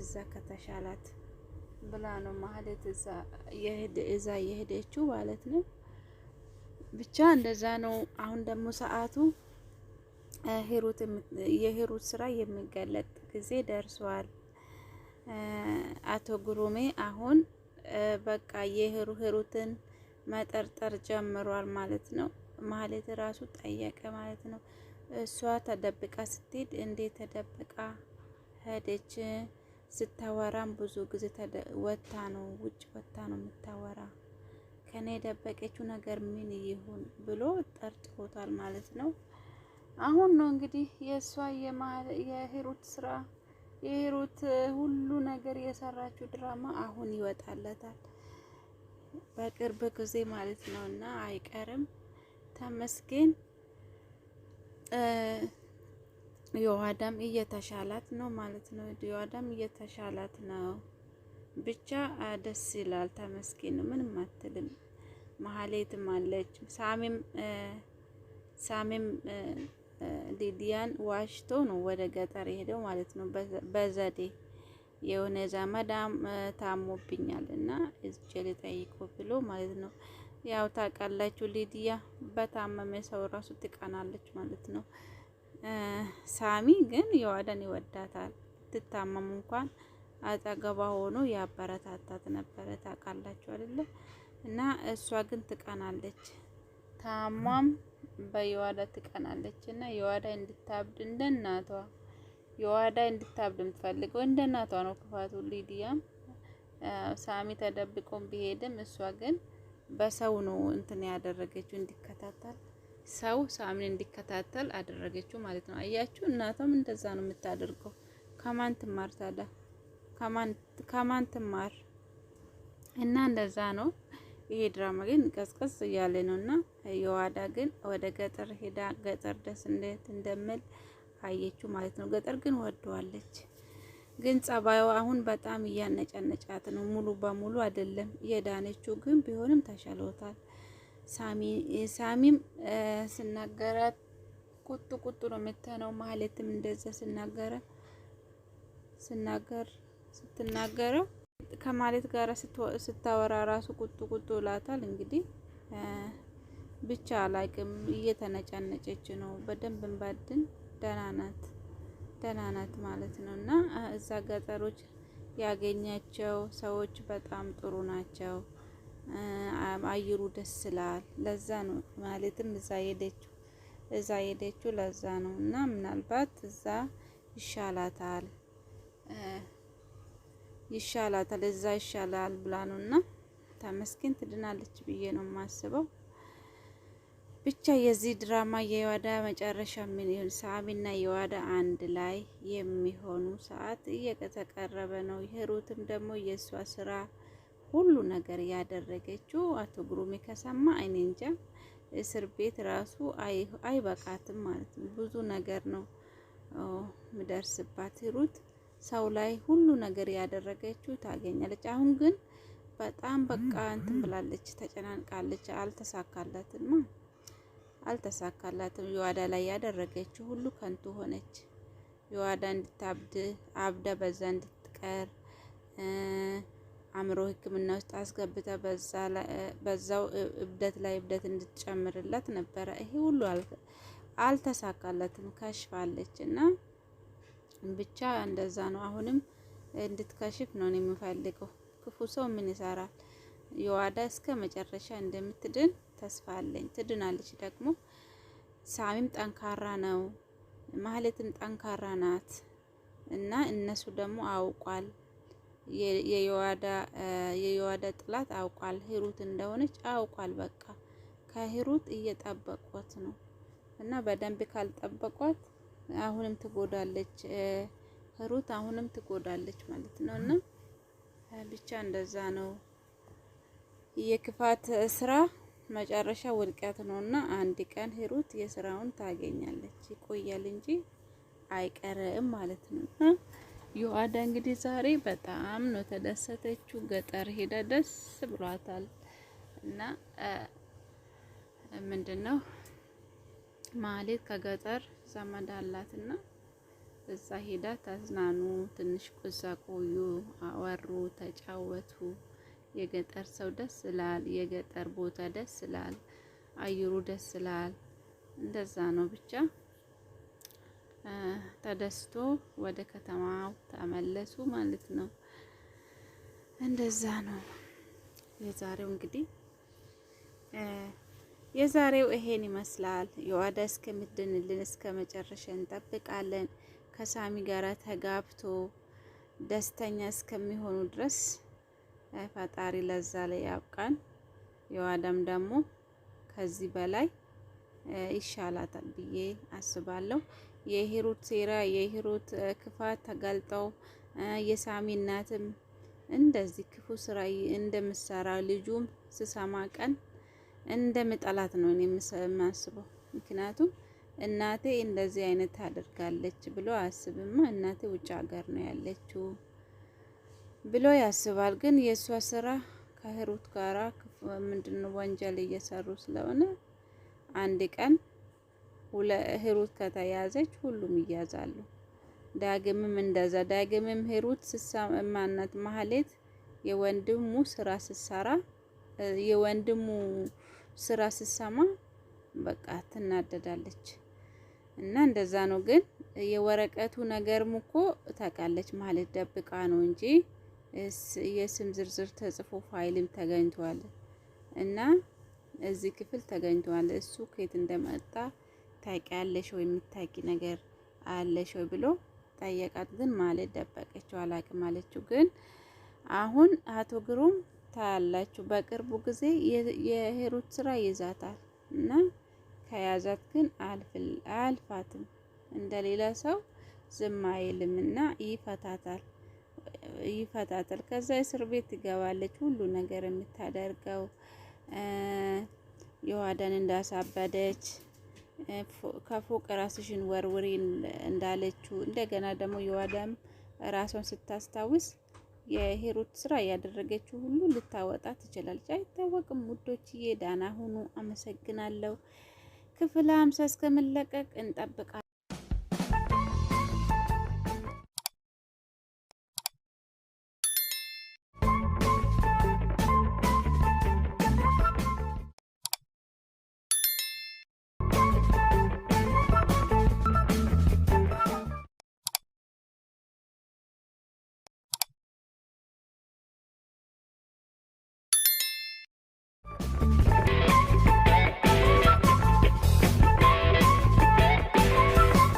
እዛ ከተሻላት ብላ ነው ማህሌት እዛ የሄደችው ማለት ነው። ብቻ እንደዛ ነው። አሁን ደግሞ ሰዓቱ የሄሩት ስራ የሚገለጥ ጊዜ ደርሷል። አቶ ጉሩሜ አሁን በቃ ሄሩትን መጠርጠር ጀምሯል ማለት ነው። ማህሌት ራሱ ጠየቀ ማለት ነው። እሷ ተደብቃ ስትሄድ እንዴት ተደብቃ ሄደች? ስታወራም ብዙ ጊዜ ወታ ነው ውጭ ወታ ነው የምታወራ። ከኔ የደበቀችው ነገር ምን ይሁን ብሎ ጠርጥሮታል ማለት ነው። አሁን ነው እንግዲህ የእሷ የሂሩት ስራ የሂሩት ሁሉ ነገር የሰራችው ድራማ አሁን ይወጣለታል በቅርብ ጊዜ ማለት ነው እና አይቀርም ተመስገን ዮአዳም እየተሻላት ነው ማለት ነው። ዮአዳም እየተሻላት ነው። ብቻ ደስ ይላል። ተመስገን ምንም አትልም። መሀሌትም አለች። ሳሚም ሳሚም ሊዲያን ዋሽቶ ነው ወደ ገጠር ሄደው ማለት ነው። በዘዴ የሆነ ዘመዳም ታሞብኛል እና እዚህ ልጠይቆ ብሎ ማለት ነው። ያው ታውቃላችሁ፣ ሊዲያ በታመመ ሰው ራሱ ትቀናለች ማለት ነው። ሳሚ ግን የዋዳን ይወዳታል። ትታመም እንኳን አጠገቧ ሆኖ ያበረታታት ነበረ። ታውቃላችሁ አይደለ? እና እሷ ግን ትቀናለች። ታሟም በየዋዳ ትቀናለች። እና የዋዳ እንድታብድ እንደ እናቷ የዋዳ እንድታብድ የምትፈልገው እንደ እናቷ ነው። ክፋቱ ሊዲያም ሳሚ ተደብቆም ቢሄድም እሷ ግን በሰው ነው እንትን ያደረገችው እንዲከታተል ሰው ሳምን እንዲከታተል አደረገችው ማለት ነው። አያችሁ፣ እናቷም እንደዛ ነው የምታደርገው። ከማን ትማር ታዲያ? ከማን ትማር እና እንደዛ ነው። ይሄ ድራማ ግን ቀዝቀዝ እያለ ነው እና የዋዳ ግን ወደ ገጠር ሄዳ ገጠር ደስ እንዴት እንደምል አየችው ማለት ነው። ገጠር ግን ወደዋለች። ግን ጸባዩ አሁን በጣም እያነጫነጫት ነው። ሙሉ በሙሉ አይደለም የዳነችው፣ ግን ቢሆንም ተሻሎታል። ሳሚም ስናገራት ቁጡ ቁጡ ነው የምትሆነው። ማህሌትም እንደዛ ስናገረ ስናገር ስትናገረው ከማለት ጋር ስታወራ ራሱ ቁጡ ቁጡ ላታል። እንግዲህ ብቻ አላቅም፣ እየተነጫነጨች ነው። በደንብ እንባድን ደህና ናት ደህና ናት ማለት ነው። እና እዛ ገጠሮች ያገኛቸው ሰዎች በጣም ጥሩ ናቸው። አየሩ ደስ ስላል ለዛ ነው ማለትም እዛ ሄደችው እዛ ሄደችው ለዛ ነው እና ምናልባት እዛ ይሻላታል ይሻላታል እዛ ይሻላል ብላ ነው እና ተመስገን ትድናለች ብዬ ነው የማስበው። ብቻ የዚህ ድራማ የዋዳ መጨረሻ ምን ይሁን፣ ሳሚና የዋዳ አንድ ላይ የሚሆኑ ሰዓት እየተቀረበ ነው። የሩትም ደግሞ የእሷ ስራ ሁሉ ነገር ያደረገችው አቶ ግሩሜ ከሰማ እኔ እንጃ እስር ቤት ራሱ አይበቃትም ማለት ነው። ብዙ ነገር ነው ምደርስባት ሩት ሰው ላይ ሁሉ ነገር ያደረገችው ታገኛለች። አሁን ግን በጣም በቃ እንትን ብላለች፣ ተጨናንቃለች። አልተሳካላትም አልተሳካላትም። የዋዳ ላይ ያደረገችው ሁሉ ከንቱ ሆነች። የዋዳ እንድታብድ አብዳ በዛ እንድትቀር አእምሮ ሕክምና ውስጥ አስገብተ በዛው እብደት ላይ እብደት እንድትጨምርለት ነበረ። ይሄ ሁሉ አልተሳካለትም። ከሽፋለች እና ብቻ እንደዛ ነው። አሁንም እንድትከሽፍ ነው የምፈልገው። ክፉ ሰው ምን ይሰራል? የዋዳ እስከ መጨረሻ እንደምትድን ተስፋ አለኝ። ትድናለች ደግሞ። ሳሚም ጠንካራ ነው፣ ማህሌትም ጠንካራ ናት እና እነሱ ደግሞ አውቋል የዮዋዳ ጥላት አውቋል። ሂሩት እንደሆነች አውቋል። በቃ ከሂሩት እየጠበቋት ነው እና በደንብ ካልጠበቋት አሁንም ትጎዳለች። ሂሩት አሁንም ትጎዳለች ማለት ነው እና ብቻ እንደዛ ነው። የክፋት ስራ መጨረሻ ውድቀት እና አንድ ቀን ሂሩት የስራውን ታገኛለች። ይቆያል እንጂ አይቀርም ማለት ነው። ዮአዳ እንግዲህ ዛሬ በጣም ነው ተደሰተችው። ገጠር ሄዳ ደስ ብሏታል። እና ምንድነው ማሌት ከገጠር ዘመድ እና እዛ ሄዳ ተዝናኑ፣ ትንሽ ቁዛ ቆዩ፣ አወሩ፣ ተጫወቱ። የገጠር ሰው ደስ ይላል። የገጠር ቦታ ደስ ይላል። አየሩ ደስ ይላል። እንደዛ ነው ብቻ ተደስቶ ወደ ከተማው ተመለሱ ማለት ነው። እንደዛ ነው የዛሬው እንግዲህ የዛሬው ይሄን ይመስላል። የዋዳ እስከምድንልን እስከ መጨረሻ እንጠብቃለን። ከሳሚ ጋራ ተጋብቶ ደስተኛ እስከሚሆኑ ድረስ ፈጣሪ ለዛ ላይ ያብቃን። የዋዳም ደግሞ ከዚህ በላይ ይሻላታል ብዬ አስባለሁ። የሂሩት ሴራ፣ የሂሩት ክፋት ተጋልጠው የሳሚ እናትም እንደዚህ ክፉ ስራ እንደምሰራ ልጁም ስሰማ ቀን እንደምጠላት ነው እኔ የማስበው። ምክንያቱም እናቴ እንደዚህ አይነት ታደርጋለች ብሎ አያስብማ። እናቴ ውጭ ሀገር ነው ያለችው ብሎ ያስባል። ግን የእሷ ስራ ከሂሩት ጋራ ምንድነው ወንጀል እየሰሩ ስለሆነ አንድ ቀን ሩት ከተያዘች ሁሉም ይያዛሉ። ዳግምም እንደዛ ዳግምም ሂሩት ስሰማናት ማህሌት የወንድሙ ስራ ስሰራ የወንድሙ ስራ ስሰማ በቃ ትናደዳለች እና እንደዛ ነው። ግን የወረቀቱ ነገርም እኮ ታውቃለች ማለት ደብቃ ነው እንጂ የስም ዝርዝር ተጽፎ ፋይልም ተገኝቷል እና እዚህ ክፍል ተገኝቷል። እሱ ከየት እንደመጣ ታውቂያለሽ ወይ የምታውቂ ነገር አለሽ ወይ ብሎ ጠየቃት። ግን ማለት ደበቀችው፣ አላቅም አለችው። ግን አሁን አቶ ግሩም ታያላችሁ፣ በቅርቡ ጊዜ የሄሩት ስራ ይዛታል እና ከያዛት ግን አልፋትም እንደሌላ ሰው ዝም አይልም እና ይፈታታል ይፈታታል። ከዛ እስር ቤት ትገባለች። ሁሉ ነገር የምታደርገው ዮሐዳን እንዳሳበደች ከፎቅ ራስሽን ወርውሪ እንዳለችው እንደገና ደግሞ የዋዳም ራሷን ስታስታውስ የሄሮት ስራ ያደረገችው ሁሉ ልታወጣ ትችላለች። አይታወቅም። ውዶችዬ ዳና ሁኑ። አመሰግናለሁ። ክፍል ሀምሳ እስከመለቀቅ እንጠብቃለን።